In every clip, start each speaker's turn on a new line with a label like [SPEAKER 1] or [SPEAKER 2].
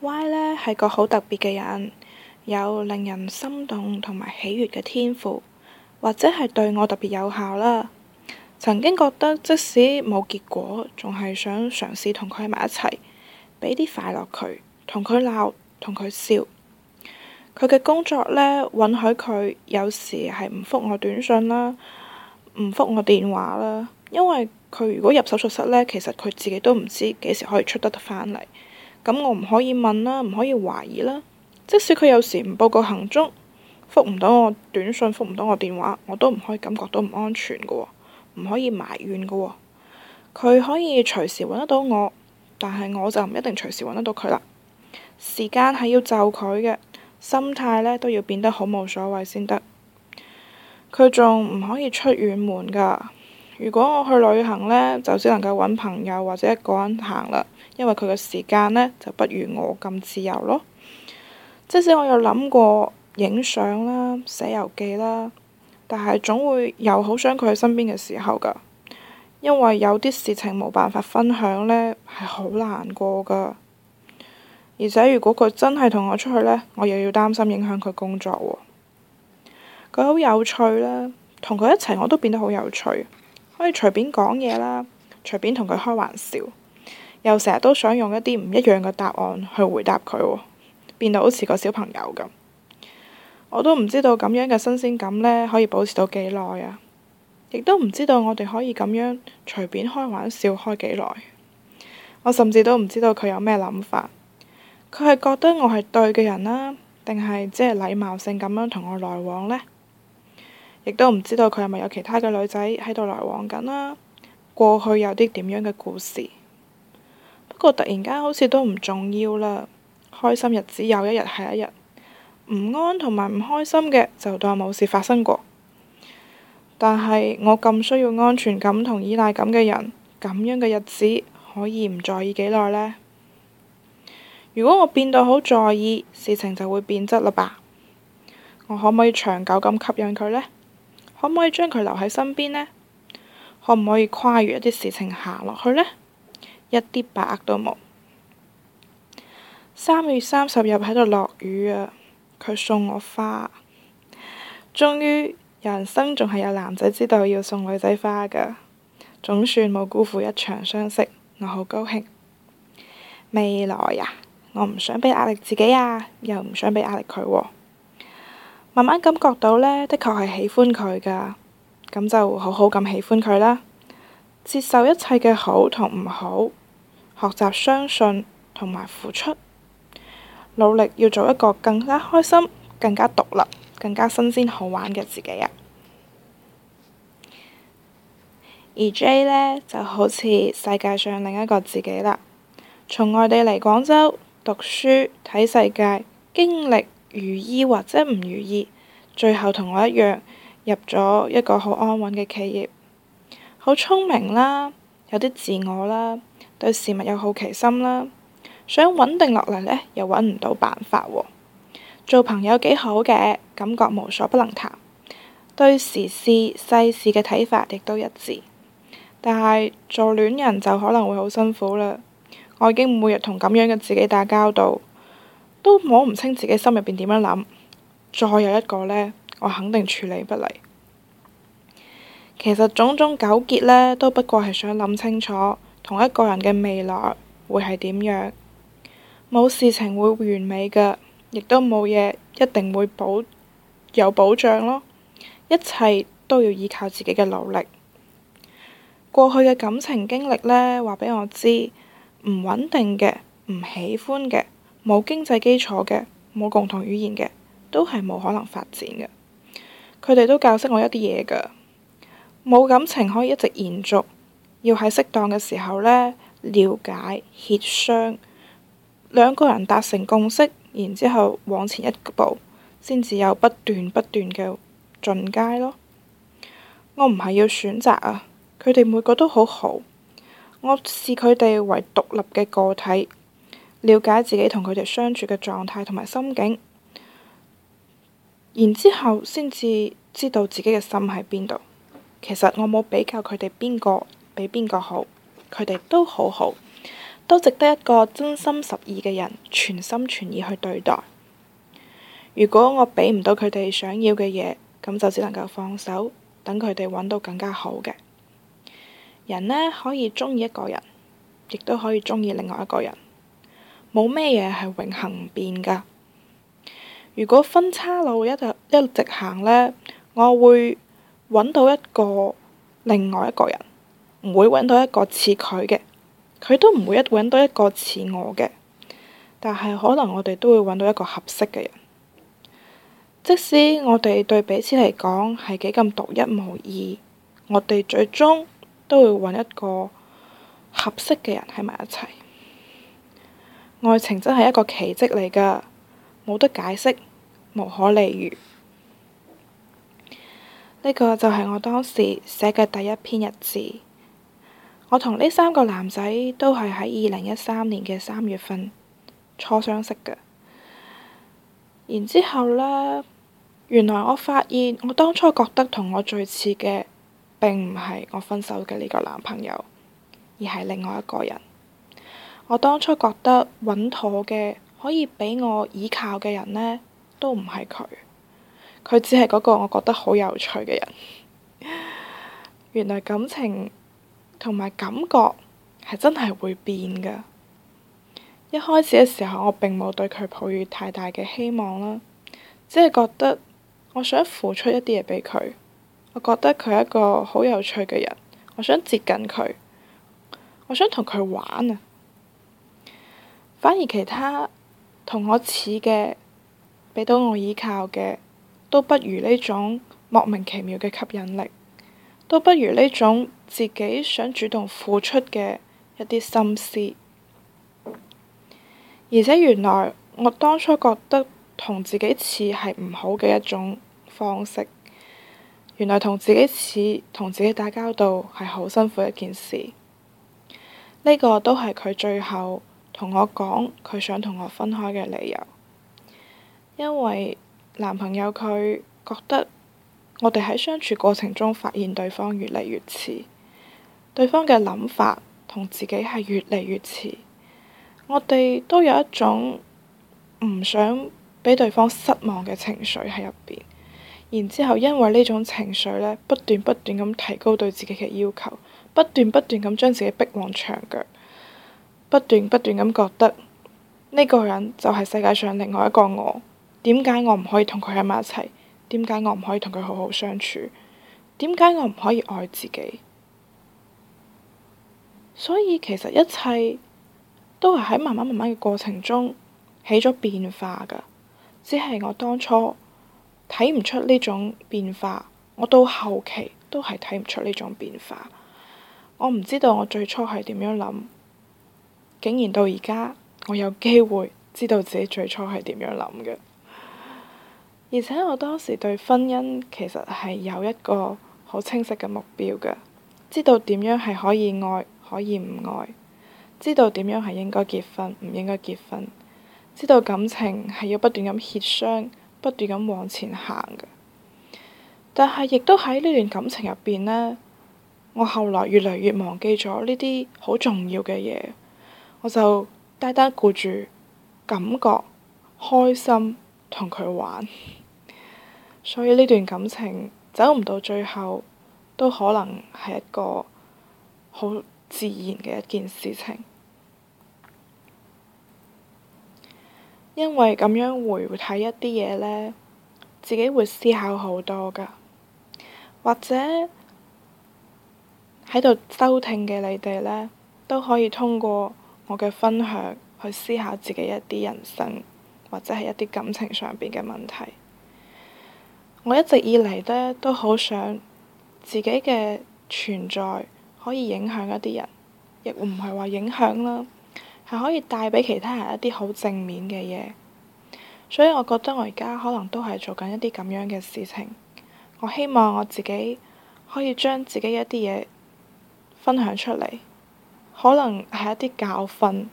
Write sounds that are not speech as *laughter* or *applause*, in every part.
[SPEAKER 1] Y 咧係個好特別嘅人，有令人心動同埋喜悦嘅天賦，或者係對我特別有效啦。曾經覺得即使冇結果，仲係想嘗試同佢喺埋一齊，俾啲快樂佢，同佢鬧，同佢笑。佢嘅工作咧，允許佢有時係唔覆我短信啦，唔覆我電話啦，因為佢如果入手術室咧，其實佢自己都唔知幾時可以出得翻嚟。咁我唔可以問啦，唔可以懷疑啦。即使佢有時唔報告行蹤，覆唔到我短信，覆唔到我電話，我都唔可以感覺到唔安全㗎，唔可以埋怨㗎。佢可以隨時揾得到我，但係我就唔一定隨時揾得到佢啦。時間係要就佢嘅，心態呢都要變得好無所謂先得。佢仲唔可以出遠門㗎。如果我去旅行呢，就只能夠揾朋友或者一個人行啦，因為佢嘅時間呢就不如我咁自由咯。即使我有諗過影相啦、寫遊記啦，但係總會又好想佢喺身邊嘅時候噶，因為有啲事情冇辦法分享呢，係好難過噶。而且如果佢真係同我出去呢，我又要擔心影響佢工作喎、哦。佢好有趣啦，同佢一齊我都變得好有趣。可以隨便講嘢啦，隨便同佢開玩笑，又成日都想用一啲唔一樣嘅答案去回答佢喎，變到好似個小朋友咁。我都唔知道咁樣嘅新鮮感呢可以保持到幾耐啊？亦都唔知道我哋可以咁樣隨便開玩笑開幾耐。我甚至都唔知道佢有咩諗法。佢係覺得我係對嘅人啦，定係即係禮貌性咁樣同我來往呢？亦都唔知道佢係咪有其他嘅女仔喺度來往緊啦。過去有啲點樣嘅故事，不過突然間好似都唔重要啦。開心日子有一日係一日，唔安同埋唔開心嘅就當冇事發生過。但係我咁需要安全感同依賴感嘅人，咁樣嘅日子可以唔在意幾耐呢？如果我變到好在意，事情就會變質嘞吧？我可唔可以長久咁吸引佢呢？可唔可以將佢留喺身邊呢？可唔可以跨越一啲事情行落去呢？一啲把握都冇。三月三十日喺度落雨啊！佢送我花，終於人生仲係有男仔知道要送女仔花㗎，總算冇辜負一場相識，我好高興。未來啊，我唔想俾壓力自己啊，又唔想俾壓力佢喎，啊。慢慢感覺到呢，的確係喜歡佢㗎，咁就好好咁喜歡佢啦，接受一切嘅好同唔好，學習相信同埋付出，努力要做一個更加開心、更加獨立、更加新鮮好玩嘅自己啊！而 J 呢，就好似世界上另一個自己啦，從外地嚟廣州讀書、睇世界、經歷。如意或者唔如意，最後同我一樣入咗一個好安穩嘅企業，好聰明啦，有啲自我啦，對事物有好奇心啦，想穩定落嚟呢，又揾唔到辦法喎，啊。做朋友幾好嘅，感覺無所不能談，對時事世事嘅睇法亦都一致，但係做戀人就可能會好辛苦啦。我已經每日同咁樣嘅自己打交道。都摸唔清自己心入邊點樣諗，再有一個呢，我肯定處理不嚟。其實種種糾結呢，都不過係想諗清楚同一個人嘅未來會係點樣。冇事情會完美嘅，亦都冇嘢一定會保有保障咯。一切都要依靠自己嘅努力。過去嘅感情經歷呢，話俾我知，唔穩定嘅，唔喜歡嘅。冇經濟基礎嘅，冇共同語言嘅，都係冇可能發展嘅。佢哋都教識我一啲嘢㗎。冇感情可以一直延續，要喺適當嘅時候呢，了解、協商，兩個人達成共識，然之後往前一步，先至有不斷不斷嘅進階咯。我唔係要選擇啊，佢哋每個都好好，我視佢哋為獨立嘅個體。了解自己同佢哋相處嘅狀態同埋心境，然之後先至知道自己嘅心喺邊度。其實我冇比較佢哋邊個比邊個好，佢哋都好好，都值得一個真心實意嘅人全心全意去對待。如果我俾唔到佢哋想要嘅嘢，咁就只能夠放手，等佢哋揾到更加好嘅人呢。可以中意一個人，亦都可以中意另外一個人。冇咩嘢係永恆唔變㗎。如果分岔路一就一直行呢，我會揾到一個另外一個人，唔會揾到一個似佢嘅。佢都唔會一揾到一個似我嘅。但係可能我哋都會揾到一個合適嘅人，即使我哋對彼此嚟講係幾咁獨一無二，我哋最終都會揾一個合適嘅人喺埋一齊。愛情真係一個奇蹟嚟㗎，冇得解釋，無可理喻。呢個就係我當時寫嘅第一篇日誌。我同呢三個男仔都係喺二零一三年嘅三月份初相識㗎。然之後呢，原來我發現我當初覺得同我最似嘅，並唔係我分手嘅呢個男朋友，而係另外一個人。我當初覺得穩妥嘅可以畀我依靠嘅人呢，都唔係佢。佢只係嗰個我覺得好有趣嘅人。 *laughs* 原來感情同埋感覺係真係會變噶。一開始嘅時候，我並冇對佢抱有太大嘅希望啦，只係覺得我想付出一啲嘢俾佢。我覺得佢係一個好有趣嘅人，我想接近佢，我想同佢玩啊！反而其他同我似嘅，俾到我依靠嘅，都不如呢種莫名其妙嘅吸引力，都不如呢種自己想主動付出嘅一啲心思。而且原來我當初覺得同自己似係唔好嘅一種方式，原來同自己似同自己打交道係好辛苦一件事。呢個都係佢最後同我講佢想同我分開嘅理由，因為男朋友佢覺得我哋喺相處過程中發現對方越嚟越似對方嘅諗法，同自己係越嚟越似。我哋都有一種唔想俾對方失望嘅情緒喺入邊，然之後因為呢種情緒呢，不斷不斷咁提高對自己嘅要求，不斷不斷咁將自己逼往牆腳。不斷不斷咁覺得呢個人就係世界上另外一個我，點解我唔可以同佢喺埋一齊？點解我唔可以同佢好好相處？點解我唔可以愛自己？所以其實一切都係喺慢慢慢慢嘅過程中起咗變化噶，只係我當初睇唔出呢種變化，我到後期都係睇唔出呢種變化。我唔知道我最初係點樣諗。竟然到而家，我有機會知道自己最初係點樣諗嘅。而且我當時對婚姻其實係有一個好清晰嘅目標嘅，知道點樣係可以愛，可以唔愛，知道點樣係應該結婚唔應該結婚，知道感情係要不斷咁協商，不斷咁往前行嘅。但係亦都喺呢段感情入邊呢，我後來越嚟越忘記咗呢啲好重要嘅嘢。我就單單顧住感覺開心同佢玩， *laughs* 所以呢段感情走唔到最後，都可能係一個好自然嘅一件事情。因為咁樣回睇一啲嘢咧，自己會思考好多㗎，或者喺度收聽嘅你哋咧，都可以通過我嘅分享去思考自己一啲人生或者係一啲感情上邊嘅問題。我一直以嚟呢都好想自己嘅存在可以影響一啲人，亦唔係話影響啦，係可以帶俾其他人一啲好正面嘅嘢。所以，我覺得我而家可能都係做緊一啲咁樣嘅事情。我希望我自己可以將自己一啲嘢分享出嚟。可能係一啲教訓，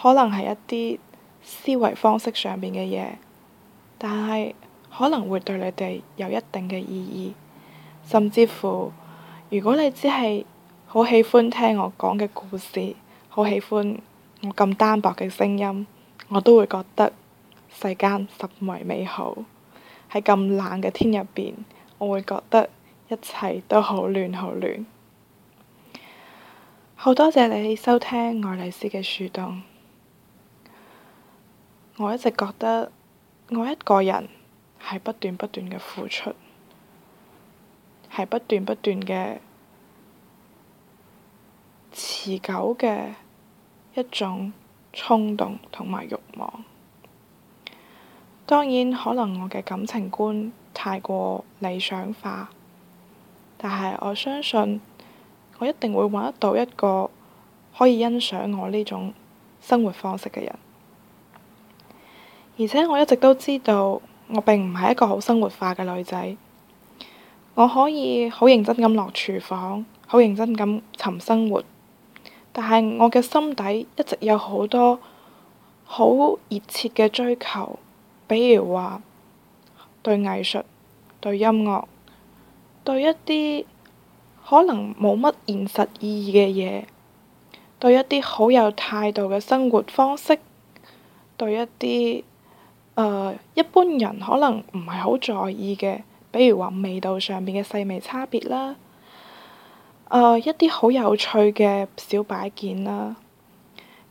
[SPEAKER 1] 可能係一啲思維方式上面嘅嘢，但係可能會對你哋有一定嘅意義，甚至乎，如果你只係好喜歡聽我講嘅故事，好喜歡我咁單薄嘅聲音，我都會覺得世間實為美好。喺咁冷嘅天入邊，我會覺得一切都好暖，暖，好暖。好多謝你收聽愛麗絲嘅樹洞。我一直覺得，愛一個人係不斷不斷嘅付出，係不斷不斷嘅持久嘅一種衝動同埋慾望。當然，可能我嘅感情觀太過理想化，但係我相信。我一定會揾得到一個可以欣賞我呢種生活方式嘅人，而且我一直都知道我並唔係一個好生活化嘅女仔。我可以好認真咁落廚房，好認真咁尋生活，但係我嘅心底一直有好多好熱切嘅追求，比如話對藝術、對音樂、對一啲。可能冇乜現實意義嘅嘢，對一啲好有態度嘅生活方式，對一啲誒、呃、一般人可能唔係好在意嘅，比如話味道上面嘅細微差別啦，誒、呃、一啲好有趣嘅小擺件啦，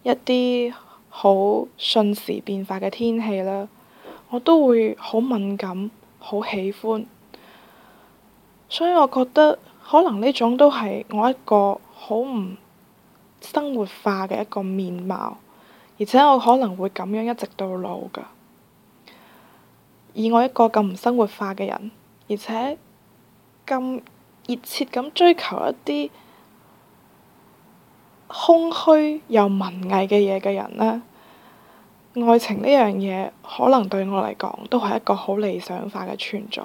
[SPEAKER 1] 一啲好瞬時變化嘅天氣啦，我都會好敏感，好喜歡，所以我覺得。可能呢種都係我一個好唔生活化嘅一個面貌，而且我可能會咁樣一直到老㗎。以我一個咁唔生活化嘅人，而且咁熱切咁追求一啲空虛又文藝嘅嘢嘅人咧，愛情呢樣嘢可能對我嚟講都係一個好理想化嘅存在。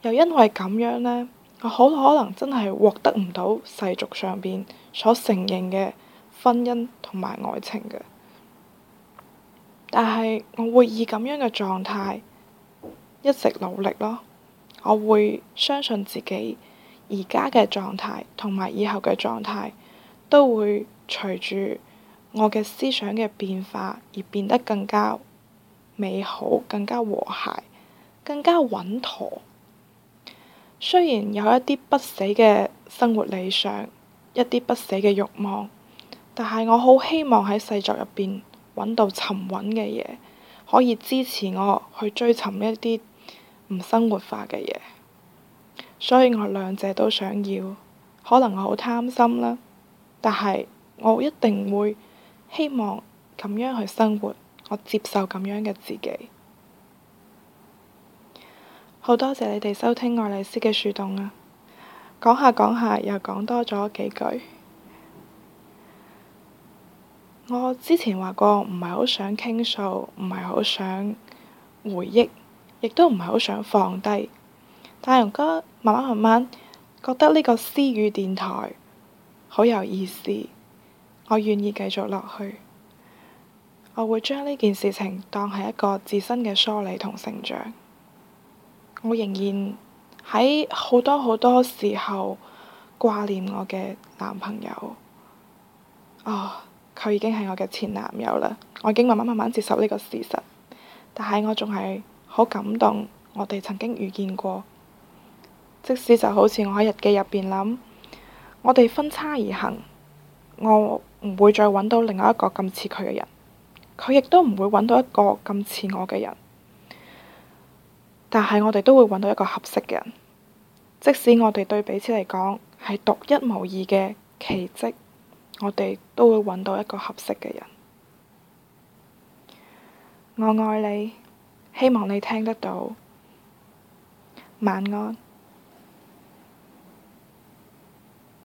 [SPEAKER 1] 又因為咁樣呢。我好可能真係獲得唔到世俗上面所承認嘅婚姻同埋愛情㗎，但係我會以咁樣嘅狀態一直努力咯。我會相信自己而家嘅狀態同埋以後嘅狀態都會隨住我嘅思想嘅變化而變得更加美好、更加和諧、更加穩妥。雖然有一啲不死嘅生活理想，一啲不死嘅欲望，但係我好希望喺世俗入邊搵到沉穩嘅嘢，可以支持我去追尋一啲唔生活化嘅嘢。所以我兩者都想要，可能我好貪心啦，但係我一定會希望咁樣去生活，我接受咁樣嘅自己。好多謝你哋收聽愛麗絲嘅樹洞啊！講下講下又講多咗幾句。我之前話過唔係好想傾訴，唔係好想回憶，亦都唔係好想放低。但係我覺得慢慢慢慢覺得呢個私語電台好有意思，我願意繼續落去。我會將呢件事情當係一個自身嘅梳理同成長。我仍然喺好多好多時候掛念我嘅男朋友。啊、哦！佢已經係我嘅前男友啦，我已經慢慢慢慢接受呢個事實，但係我仲係好感動。我哋曾經遇見過，即使就好似我喺日記入邊諗，我哋分叉而行，我唔會再搵到另外一個咁似佢嘅人。佢亦都唔會搵到一個咁似我嘅人。但係我哋都會搵到一個合適嘅人，即使我哋對彼此嚟講係獨一無二嘅奇蹟，我哋都會搵到一個合適嘅人。我愛你，希望你聽得到。晚安。